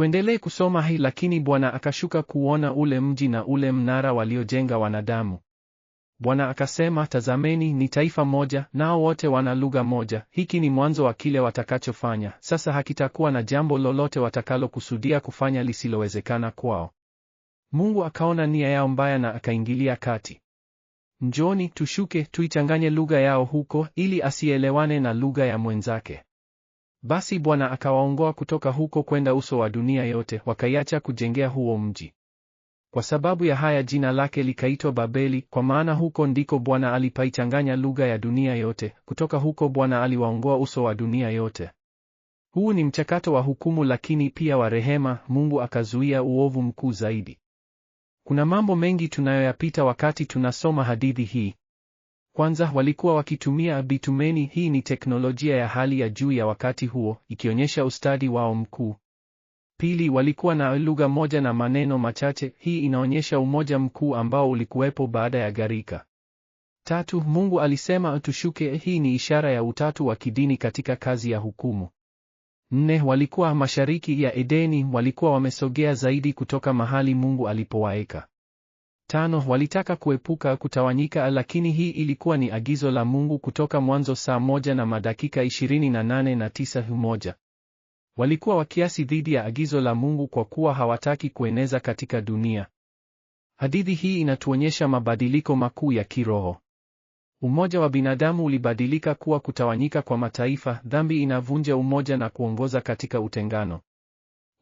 Tuendelee kusoma hii. Lakini Bwana akashuka kuona ule mji na ule mnara waliojenga wanadamu. Bwana akasema, tazameni, ni taifa moja, nao wote wana lugha moja. Hiki ni mwanzo wa kile watakachofanya. Sasa hakitakuwa na jambo lolote watakalokusudia kufanya lisilowezekana kwao. Mungu akaona nia yao mbaya na akaingilia kati. Njoni tushuke tuichanganye lugha yao huko, ili asielewane na lugha ya mwenzake. Basi Bwana akawaongoa kutoka huko kwenda uso wa dunia yote, wakaiacha kujengea huo mji. Kwa sababu ya haya jina lake likaitwa Babeli, kwa maana huko ndiko Bwana alipaichanganya lugha ya dunia yote; kutoka huko Bwana aliwaongoa uso wa dunia yote. Huu ni mchakato wa hukumu, lakini pia wa rehema. Mungu akazuia uovu mkuu zaidi. Kuna mambo mengi tunayoyapita wakati tunasoma hadithi hii. Kwanza walikuwa wakitumia bitumeni. Hii ni teknolojia ya hali ya juu ya wakati huo, ikionyesha ustadi wao mkuu. Pili, walikuwa na lugha moja na maneno machache. Hii inaonyesha umoja mkuu ambao ulikuwepo baada ya gharika. Tatu, Mungu alisema tushuke. Hii ni ishara ya utatu wa kidini katika kazi ya hukumu. Nne, walikuwa mashariki ya Edeni, walikuwa wamesogea zaidi kutoka mahali Mungu alipowaeka Tano, walitaka kuepuka kutawanyika, lakini hii ilikuwa ni agizo la Mungu kutoka Mwanzo saa moja na madakika 28 na moja. Walikuwa wakiasi dhidi ya agizo la Mungu kwa kuwa hawataki kueneza katika dunia. Hadithi hii inatuonyesha mabadiliko makuu ya kiroho. Umoja wa binadamu ulibadilika kuwa kutawanyika kwa mataifa, dhambi inavunja umoja na kuongoza katika utengano.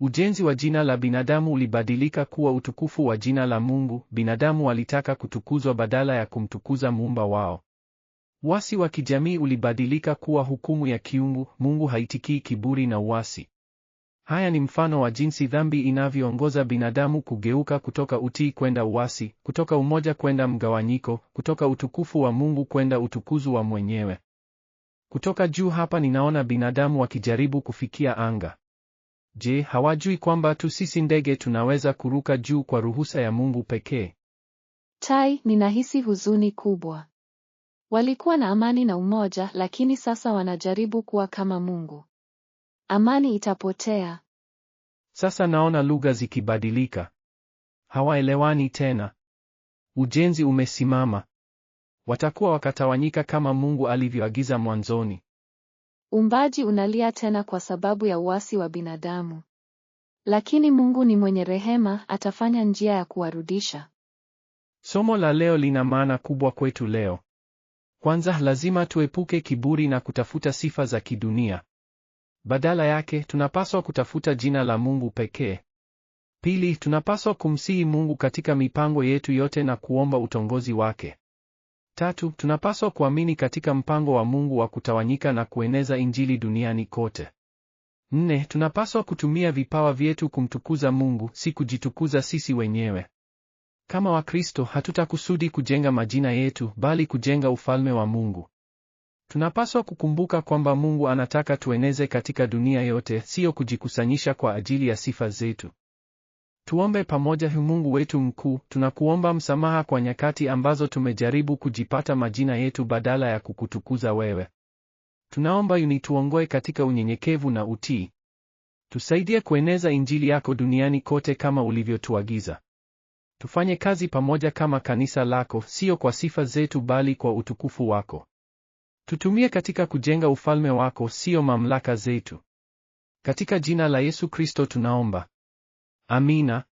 Ujenzi wa jina la binadamu ulibadilika kuwa utukufu wa jina la Mungu. Binadamu walitaka kutukuzwa badala ya kumtukuza muumba wao. Uasi wa kijamii ulibadilika kuwa hukumu ya kiungu. Mungu haitikii kiburi na uasi. Haya ni mfano wa jinsi dhambi inavyoongoza binadamu kugeuka kutoka utii kwenda uasi, kutoka umoja kwenda mgawanyiko, kutoka utukufu wa Mungu kwenda utukuzu wa mwenyewe. Kutoka juu hapa ninaona binadamu wakijaribu kufikia anga. Je, hawajui kwamba tu sisi ndege tunaweza kuruka juu kwa ruhusa ya Mungu pekee? Tai, ninahisi huzuni kubwa. Walikuwa na amani na umoja, lakini sasa wanajaribu kuwa kama Mungu. Amani itapotea. Sasa naona lugha zikibadilika. Hawaelewani tena. Ujenzi umesimama. Watakuwa wakatawanyika kama Mungu alivyoagiza mwanzoni. Umbaji unalia tena kwa sababu ya uasi wa binadamu. Lakini Mungu ni mwenye rehema, atafanya njia ya kuwarudisha. Somo la leo lina maana kubwa kwetu leo. Kwanza, lazima tuepuke kiburi na kutafuta sifa za kidunia. Badala yake, tunapaswa kutafuta jina la Mungu pekee. Pili, tunapaswa kumsihi Mungu katika mipango yetu yote na kuomba utongozi wake. Tatu, tunapaswa kuamini katika mpango wa Mungu wa kutawanyika na kueneza Injili duniani kote. Nne, tunapaswa kutumia vipawa vyetu kumtukuza Mungu, si kujitukuza sisi wenyewe. Kama Wakristo hatutakusudi kujenga majina yetu, bali kujenga ufalme wa Mungu. Tunapaswa kukumbuka kwamba Mungu anataka tueneze katika dunia yote, siyo kujikusanyisha kwa ajili ya sifa zetu. Tuombe pamoja. Ee Mungu wetu mkuu, tunakuomba msamaha kwa nyakati ambazo tumejaribu kujipata majina yetu badala ya kukutukuza wewe. Tunaomba unituongoe katika unyenyekevu na utii. Tusaidie kueneza injili yako duniani kote kama ulivyotuagiza. Tufanye kazi pamoja kama kanisa lako, sio kwa sifa zetu, bali kwa utukufu wako. Tutumie katika kujenga ufalme wako, sio mamlaka zetu. Katika jina la Yesu Kristo tunaomba. Amina